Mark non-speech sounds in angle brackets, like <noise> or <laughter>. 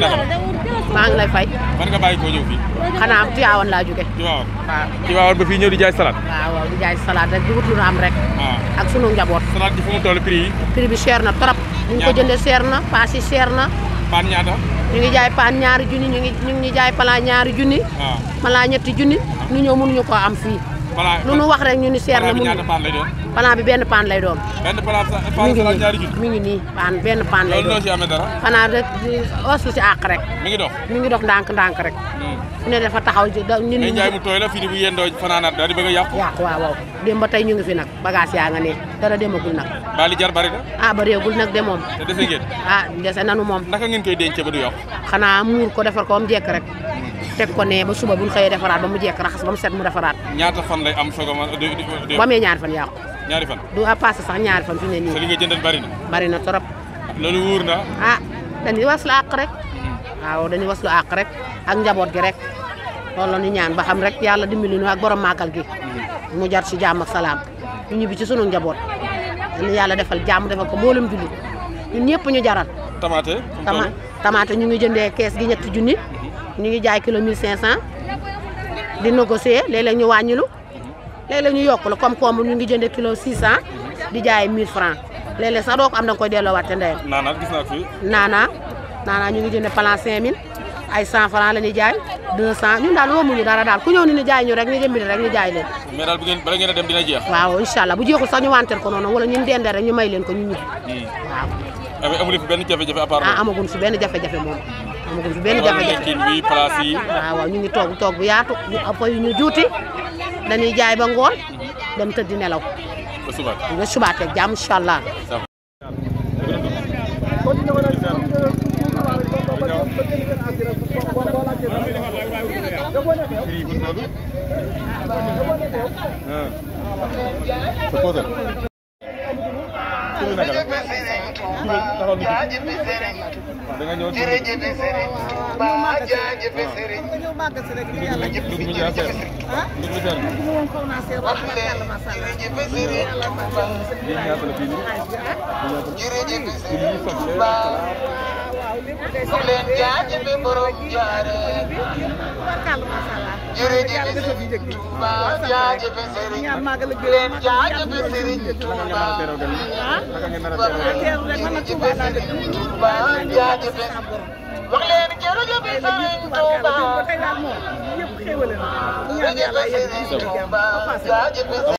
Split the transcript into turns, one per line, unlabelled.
maa ngi lay fay.
fan nga
xanaa laa jóge. Tiwaawan waaw. Tiwaawan ba fii ñëw di jaay salade. di jaay salade rek di am rek. Ah. ak sunu njaboot. salade ji fu mu toll prix yi. bi cher na trop. ñu ko jëndee seer na paas seer na. paan ñaata. ñu ngi jaay paan ñaari junni ñu ngi jaay palaa ñaari junni. waaw ah. palaa ñetti junni. ñu ah. ñëw mënuñu koo am fii.
palaa lu nu wax rek ñu ni cher na mënuñu palaa
plan bi benn paan lay doon. benn plan ngi nii mi ngi nii paan benn paan lay doon. xanaa rek os ci àq rek. mi ngi dox mi ngi rek. Hmm. fu ne dafa taxaw ji da ñu. mais Ndiaye mu a ba tey ñu ngi fi nag bagage yaa nga ne dara demagul nag.
baali jar bari na.
ah ba réegul nag de moom. te dese ngeen. <laughs> ah nanu moom.
naka ngeen koy denc ba du yàqu.
xanaa muur ko defar ko am jekk rek. teg ko ne ba suba buñ xëyee defaraat ba mu jekk raxas ba mu set mu defaraat.
ñaata fan lay am soog a ma. ba mee ñaar fan yàqu ñaari fan
du a passé sax ñaari fan fi ne
nii sa li bari na bari na na
ah dañuy waslu àq rek waaw hmm. ah, dañuy waslu àq rek ak njaboot gi rek loolu ñu ñaan ba xam rek yàlla dimbali ñu ak borom màggal gi hmm. mu jar ci jàmm ak salaam ñu ñibbi ci sunu njaboot yàlla defal jàmm defal ko mboolem jullit ñun ñëpp ñu jaral
Tama.
tamaate ñu ngi jëndee kees gi ñetti junni hmm. ñu ngi jaay kilo 1500 di négocier léeg-léeg ñu wàññilu léeg-léeg ñu yokk la comme koomb ñu ngi jënde kilo 600 di jaay 1000 francs léeg-léeg sax doo ko am da nga koy delloowaate ndeyam. naana gis naa naana naana ñu ngi jënde plan 5000 ay 100 francs la ñuy jaay 200 ñun daal wóobuñu dara daal ku ñëw ni ñu jaay ñu rek ñu jëmbi rek ñu jaay leen.
mais daal bu ngeen bala a dem dina jeex.
waaw incha allah bu jeexul sax ñu wanteer ko noonu wala ñun dendee rek ñu may leen ko ñu ñibbi. Hmm. waaw.
amul fi benn jafe-jafe à part. ah
benn jafe-jafe moom. amaguñ fi benn ñu ngi toog toog bu yaatu ñu yu ñu juuti dañuy jaay ba ngoon dem tëdd nelaw. ba subaat ba subaat ak jàmm incha allah.
Ah.
Touba jaajëfe sëriñ jërëjëfe sëriñ Touba jaajëfe sëriñ jërëjëfe
sëriñ wax leen jërëjëfe sëriñ Touba
jërëjëfe sëriñ Touba wax leen jaajëfe borom jaare jërëjëf Touba jaajëf Serigne leen jaajëf Serigne
Touba jërëjëf Serigne Touba jaajëf wax leen jërëjëf Serigne Touba jërëjëf Serigne Touba jaajëf